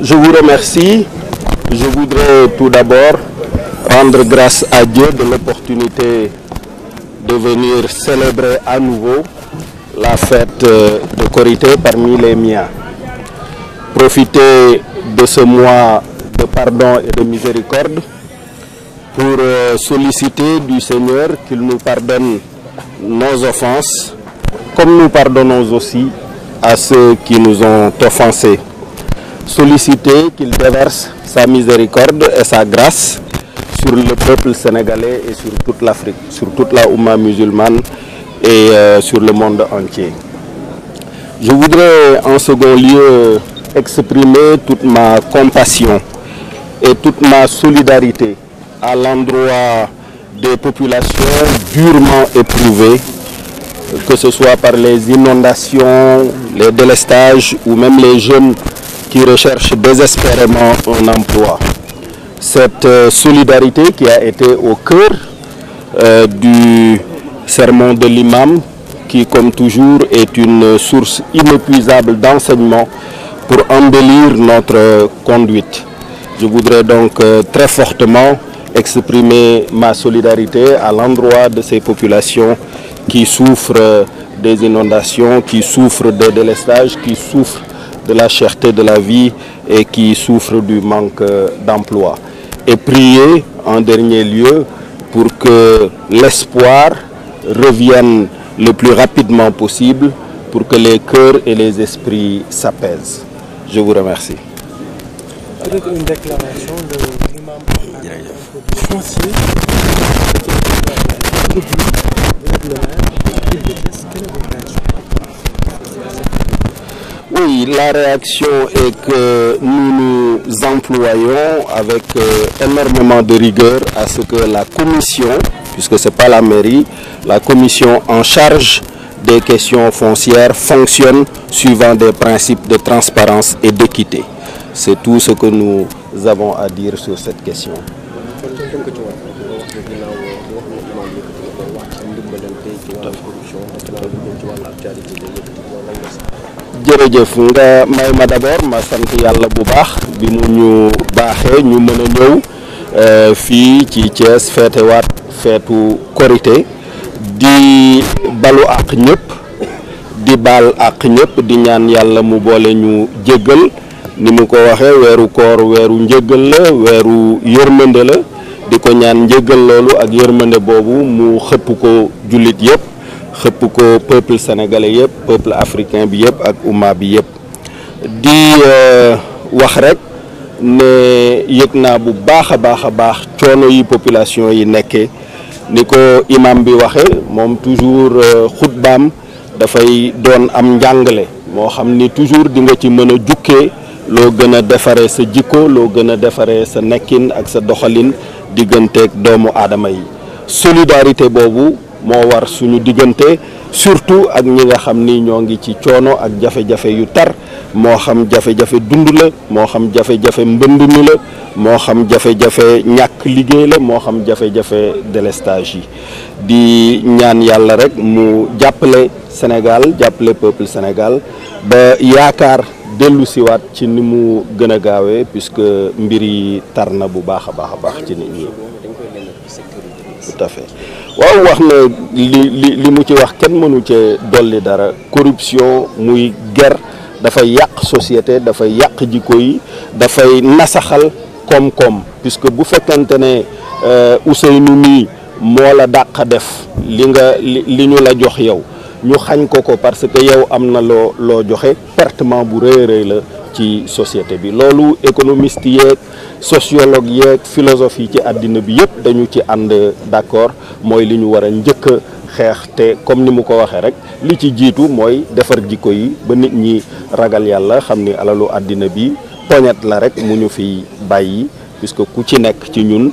je vous remercie. Je voudrais tout d'abord rendre grâce à Dieu de l'opportunité de venir célébrer à nouveau la fête euh, de Korité parmi les miens. Profiter de ce mois de pardon et de miséricorde pour euh, solliciter du Seigneur qu'il nous pardonne nos offenses, comme nous pardonnons aussi à ceux qui nous ont offensés. solliciter qu'il déverse sa miséricorde et sa grâce sur le peuple sénégalais et sur toute l'Afrique, sur toute la Oumma musulmane et euh, sur le monde entier. Je voudrais en second lieu exprimer toute ma compassion et toute ma solidarité à l'endroit des populations durement éprouvées, que ce soit par les inondations, les délestages ou même les jeunes qui recherchent désespérément un emploi. Cette euh, solidarité qui a été au cœur euh, du sermon de l'imam, qui comme toujours est une source inépuisable d'enseignement pour embellir notre euh, conduite. Je voudrais donc euh, très fortement exprimer ma solidarité à l'endroit de ces populations qui souffrent euh, des inondations, qui souffrent de délestages, qui souffrent de la cherté de la vie et qui souffrent du manque euh, d'emploi. Et prier en dernier lieu pour que l'espoir revienne le plus rapidement possible pour que les cœurs et les esprits s'apaisent. Je vous remercie. la réaction est que nous nous employons avec euh, énormément de rigueur à ce que la commission, puisque ce n'est pas la mairie, la commission en charge des questions foncières fonctionne suivant des principes de transparence et d'équité. C'est tout ce que nous avons à dire sur cette question. jërëjëf nga may ma d'abord ma sant yàlla bu baax bi mu ñu baaxe ñu mën a ñëw euh, fii ci Thiès feetewaat feetu korité di balu àq ñëpp di baal àq ñëpp di ñaan yàlla mu boole ñu jéggal ni mu ko waxee weeru koor weeru njëggal la weeru yërmande la di ko ñaan njëggal loolu ak yërmande boobu mu xëpp ko jullit yëpp xëpp ko peuple sénégalais yëpp peuple africain bi yëpp ak umma bi yëpp di euh, wax rek ne yëg naa bu baax a baax a baax coono yi population yi nekkee ni ko imam bi waxe moom toujours euh, xutbaam dafay doon am njàngale moo xam ni toujours di nga ci mën a jukkee loo gën a defaree sa jikko loo gën a defaree sa nekkin ak sa doxalin digganteeg doomu aadama yi solidarité boobu moo war suñu diggante surtout ak ñi nga xam ni ñoo ngi ci coono ak jafe-jafe yu tar moo xam jafe-jafe dund la moo xam jafe-jafe mbënd mi moo xam jafe-jafe ñàkk liggéey la moo xam jafe-jafe délestage yi di ñaan yàlla rek mu jàppale Sénégal jàppale peuple Sénégal ba yaakaar dellu siwaat ci ni mu gën a gaawee puisque mbir yi tar na bu baax a baax a baax ci nit ñi tout à waaw wax na li li li mu ci wax kenn mënu cee dolli dara corruption muy ger dafay yàq société dafay yàq jikko yi dafay nasaxal koom-koom puisque bu fekkante ne euh, Ousseynou mii moo la dàq def li nga li ñu la jox yow ñu xañ ko ko parce que yow am na loo loo joxe pertement bu rëy rëy la ci société bi loolu économiste yeeg sociologue yeeg philosophe yi ci àddina bi yëpp dañu ci ànd d'accord mooy li ñu war a njëkk a xeex te comme ni mu ko waxee rek li ci jiitu mooy defar jikko yi ba nit ñi ragal yàlla xam ni alalu àddina bi poñet la rek mu ñu fi bàyyi puisque ku ci nekk ci ñun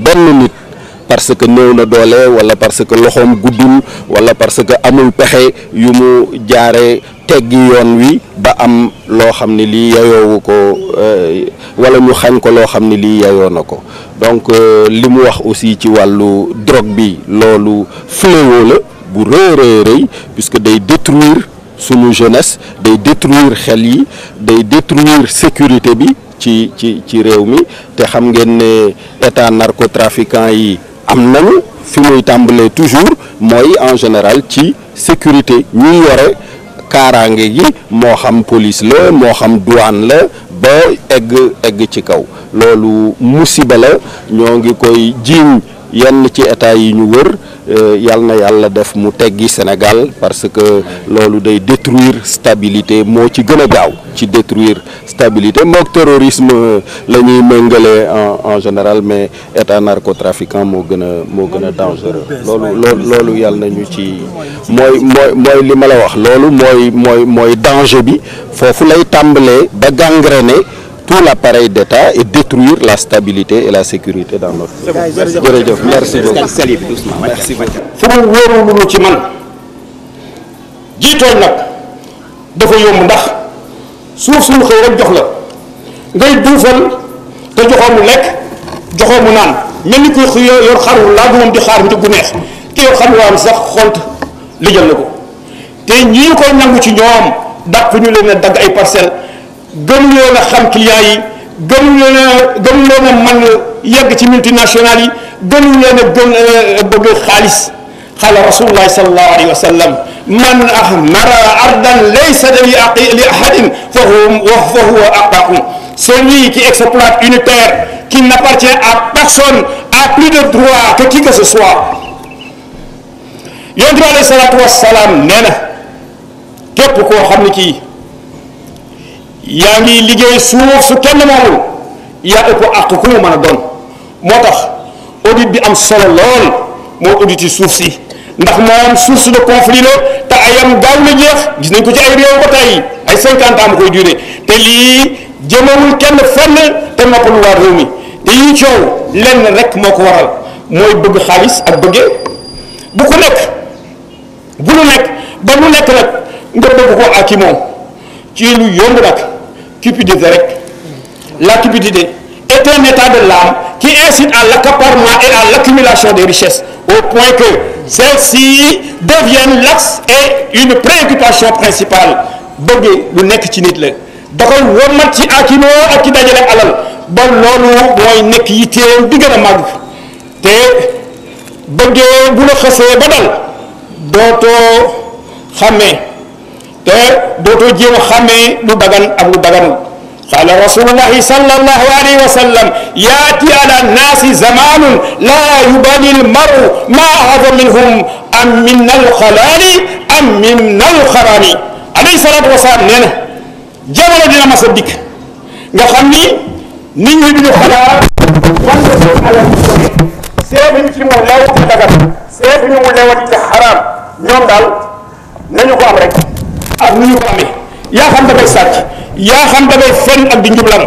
benn nit parce que néew na doole wala parce que loxoom guddul wala parce que amul pexe yu mu jaare teggi yoon wi ba am loo xam ne lii yayoowu ko euh, wala ñu xañ ko loo xam ne lii yayoo na ko donc euh, li mu wax aussi ci wàllu drogue bi loolu fléau la bu rëy rëy rëy puisque day détruire sunu jeunesse day détruire xel yi day détruire sécurité bi ci ci ci réew mi te xam ngeen ne état narcotrafiquant yi am nañu fi muy tàmbalee toujours mooy en général ci sécurité ñuy ware kaaraange gi moo xam police la moo xam douane la ba egg egg ci kaw loolu musiba la ñoo ngi koy jiiñ yenn ci état yi ñu wër euh, yàlla na yàlla def mu teggi Sénégal parce que loolu day détruire stabilité moo ci gën a gaaw ci détruire stabilité mook terrorisme euh, la ñuy méngale en en général mais état narcotrafiquant moo gën a moo gën a dangereux loolu loolu loolu yàlla nañu ci mooy mooy mooy li wax loolu mooy mooy mooy danger bi foofu lay tàmbalee ba gangrené tout l'appareil d'État et détruire la stabilité et la sécurité dans notre pays. jërëjëf merci beaucoup merci beaucoup. fu ci man jiitoon nag dafa yomb ndax suuf suñu xëy rek jox la ngay duufal te joxoo mu lekk joxoo mu naan mel ni koy xarul laa moom di xaar njëg gu neex ki yor xarul sax xont lijjal na ko te ñii koy nangu ci ñoom dàpp ñu leen a dagg ay parcelles. gënu leen a xam client yi gënu leen a gënu leen a man yegg ci multinationales yi gënu leen a gën a euh, bëgg xaalis xala rasulullah sallallahu alayhi wa sallam man ahmara ardan laysa li ahadin fa huwa aqaqu celui qui exploite une terre qui n'appartient à personne a plus de droit que qui que ce soit yonent bi alayhi salaatu wassalaam nee na képp koo xam ne kii yaa ngi liggéey suuf su kenn moomul yaa ëpp àq ku doon moo tax audit bi am solo lool moo audit yi suuf si ndax moom source de conflit la te ayam gaaw la jeex gis nañ ko ci ay réew ba tey ay cinquante ans ma koy dure te lii jëmawul kenn fenn te noppalu waa réew mi te yii coow lenn rek moo ko waral mooy bëgg xaalis ak bëggee bu ku nekk bu lu nekk ba lu nekk nag nga bëgg ko ak i ci lu yomb nag cupidité rek la cupidité est un état de l'âme qui incite à l'accaparement et à l'accumulation des richesses au point que celles-ci deviennent l'axe et une préoccupation principale bëgg lu nekk ci nit la da koy wommat ci akinoo ak ci dajale alal ba loolu mooy nekk yitteem di gën a màgg te bëggee bu la xësee ba dal dootoo te dootoo jéem a xàmmee lu dagan ak lu daganul qaala rasulullahi sallallahu alayhi wa sallam yaati ala naasi zamanun laa yubali almaru ma ahada minhum am min alxalaali am min alxaraami alayhi salaatu wasalaam nee na jamono dina mas a dikk nga xam ni nit ñi duñu xalaat fan la seen alal di jóge seetuñu ci mu lew ci dagan seetuñu mu lew ci xaraam ñoom daal nañu ko am rek ak nu ñu ko amee yaa xam dafay sàcc yaa xam dafay fen ak di njublam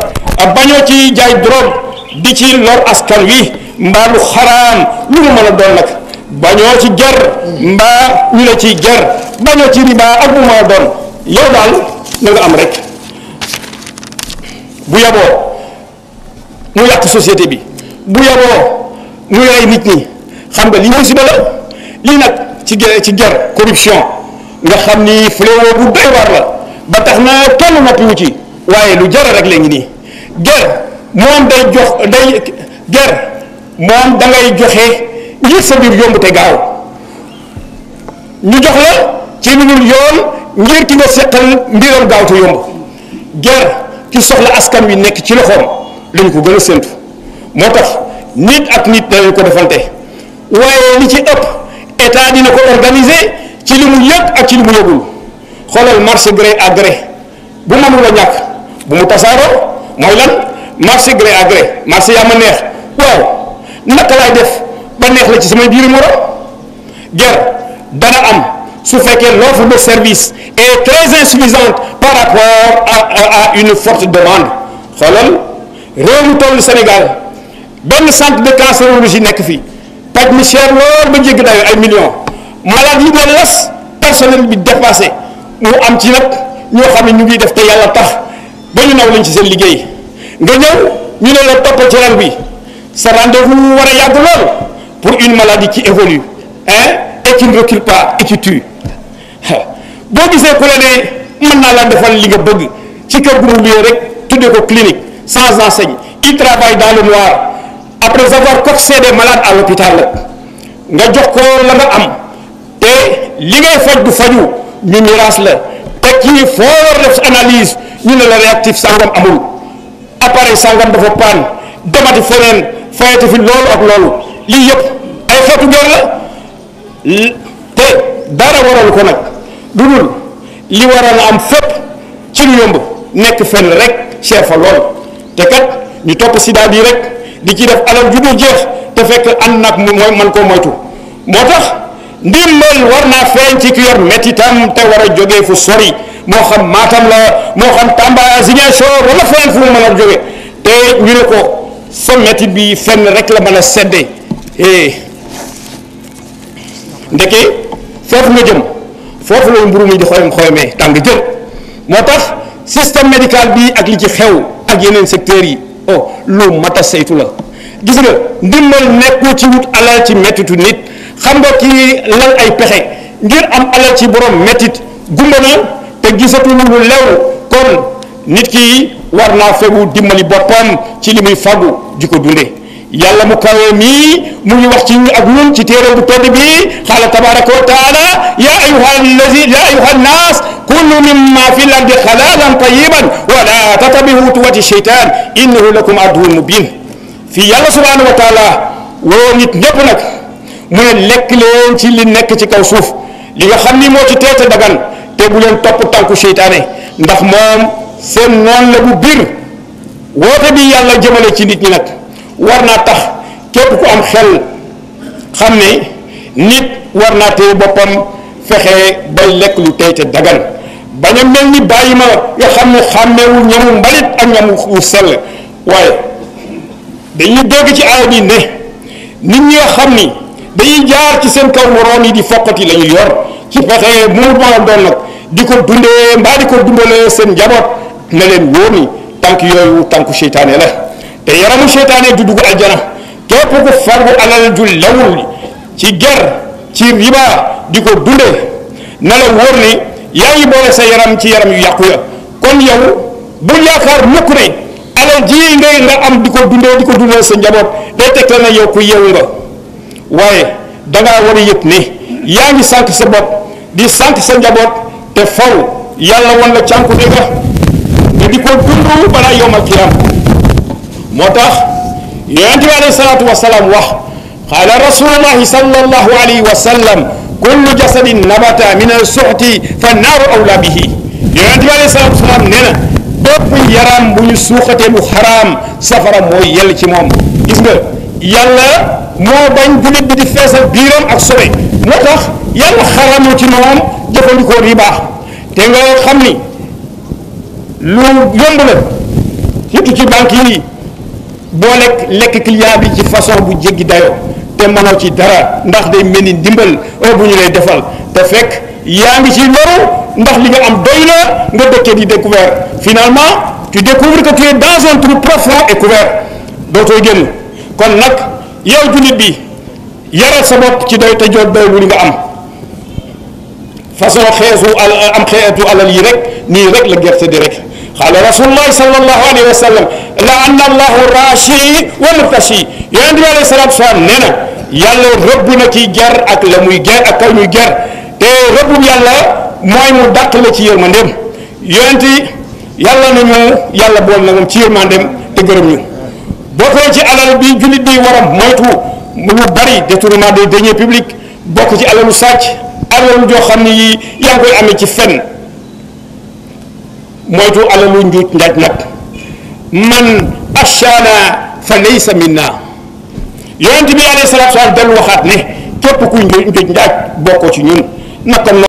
bañoo ci jaay drogue di ci lor askan wi mbaa lu xaraam lu mu mën a doon nag bañoo ci jar mbaa ñu la ci jar bañoo ci riba ak bu mën a doon yow daal na nga am rek bu yaboo mu yàq société bi bu yaboo mu rey nit ñi xam nga li musiba la lii nag ci ci ger corruption nga xam ni fléau bu doy war la ba tax na kenn noppiwu ci waaye lu jaral rek léegi nii ger moom day jox day ger moom da joxe ngir sa biir yomb te gaaw ñu jox la ci lu dul yoon ngir ki nga seqal mbiram gaaw te yomb ger ki soxla askan wi nekk ci loxoom lañ ko gën a séntu moo tax nit ak nit danañ ko defante waaye li ci ëpp état dina ko organiser. ci li mu yëg ak ci li mu yëgul xoolal marché gré à gré bu mënul a ñàkk bu mu tasaaroo mooy lan marché gré à marché yaa ma neex waaw naka laay def ba neex la ci samay biir moroom ger dana am su fekkee l'offre de service est très insuffisante par rapport à à une forte demande xoolal réew mu tollu Sénégal benn centre de cancérologie nekk fii paj mi cher lool ba jéggi dayoo ay millions malade yi doon las personnel bi dépassé mu am ci nag ñoo xam ne ñu ngi def te yàlla tax ba ñu naw lañ ci seen liggéey nga ñëw ñu ne la topp ci rang bi sa rendez-vous war a yàgg lool pour une maladie qui évolue hein et qui ne recule pas et qui tue boo gisee ku la ne mën naa laa defal li nga bëgg ci kër gu mu rek tuddee ko clinique sans enseigne il travaille dans le noir après avoir coxé des malades à l'hôpital nga jox ko la nga am. te li ngay faj du faju ñu miraas la te ci foo war def analyse ñu ne la réactif sangam amul appareil sangam dafa paan demati feneen fayati fi loolu ak loolu lii yëpp ay xeetu guerre la te dara waral ko nag lu dul li waroon a am fépp ci lu yomb nekk fen rek cher fa lool te kat ñu topp sida bi rek di ci def alal ju dul jeex te fekk ànd nag mooy man koo moytu moo tax. ndimbal war naa feeñ ci ki yor métitam te war a jógee fu sori moo xam Matam la moo xam Tamba Ziguinchor wala feneen fu mu mën jóge te ñu ne ko sa métit bi fenn rek la mën a sedde eh. ndeke foofu nga jëm foofu la mburu mi di xoyam xoyamee tàng jël moo tax système médical bi ak li ci xew ak yeneen secteurs yi oh lu mat a la gis nga ndimbal nekkul ci wut alal ci mettitu nit xam nga kii lal ay pexe ngir am alal ci borom métit gumba na te gisatul lu kon nit ki war naa fegu dimbali boppam ci li muy fagu di ko dunde yàlla mu kawee mii mu wax ci ak ñun ci téere bu tedd bi xaala tabaraka wa taala yaa ayuha allazi yaa ayuha annaas kulu mimma fi lardi xalaalan tayiban wala tatabi lakum aduwun mubin fii yàlla subhanahu wa taala woo nit ñëpp mu ne lekk leen ci li nekk ci kaw suuf li nga xam ni moo ci teete dagan te bu leen topp tànku seytaane ndax moom seen noon la bu biir woote bi yàlla jëmale ci nit ñi nag war naa tax képp ku am xel xam ne nit war naa téye boppam fexe bay lekk lu teete dagan ba a mel ni bàyyi ma nga xam ne xàmmeewul ñamu mbalit ak ñamu wu sell waaye dañuy dégg ci aaya bi ne nit ñi nga xam ni dañuy jaar ci seen kaw moroom yi di foqati la ñu yor ci fexe muur maanaam doon nag di ko dundee mbaa di ko dundalee seen njaboot na leen wóor ni tànk yooyu tànku seytaane la te du dugg aljana képp ku fargu alal ju ci ger ci riba di ko dundee na yaa ngi boole sa yaram ci yaram yu yàqu ya kon yow bu yaakaar mukk ne alal ji ngay nga am di ko dundee di ko dundee sa njaboot day tegtal na yow ku nga waaye dangaa war a yëg ne yaa ngi sànq sa bopp di sànq sa te faw yàlla wan la cànku dëgga nga di ko dund balaa yowmal qiyaam moo tax yonente bi alayhi salaatu wasalaam wax qaala rasulullahi sallallahu alayhi wa sallam kullu jasadin nabata min al suxti fa naaru awla bihi yonente bi alayhi salaatu safara mooy yell ci moom gis nga yàlla moo bañ jullit bi di feesal biiram ak sobe moo tax yàlla xaramu ci moom jëfandikoo baax te nga xam ni lu yomb la surtout ci banque yi boo lekk lekk client bi ci façon bu jéggi dayoo te mënoo ci dara ndax day mel ni ndimbal heure bu ñu lay defal te fekk yaa ngi ci loru ndax li nga am doy na nga dëkkee di découvert finalement tu découvres que tu es dans un trou profond et couvert dootoo génn kon nag. yow jullit bi yaral sa bopp ci doy te jot doylu li nga am façon xeesu am xeetu alal yi rek nii rek la gerte di rek xaala rasulullahi sallallahu alayhi wa sallam la an allahu rashi wala tashi yonent bi alayhi salaatu salaam nee na yàlla rëbb na ci ger ak la muy ger ak kay muy ger te rëbbum yàlla mooy mu dàq la ci yërmandeem yonent yàlla nañu yàlla bool na moom ci yërmandeem te gërëm ñu bokkoo ci alal bi jullit bi war a moytu lu bari détournement de deniers publics bokk ci alalu sàcc alalu joo xam ne yi yaa ngi koy amee ci fen moytu alalu njuuj njaaj nag man ashana fa laysa minna yonent bi alayhi salaatu salaam dellu waxaat ne képp kuy njuuj njaaj bokkoo ci ñun naka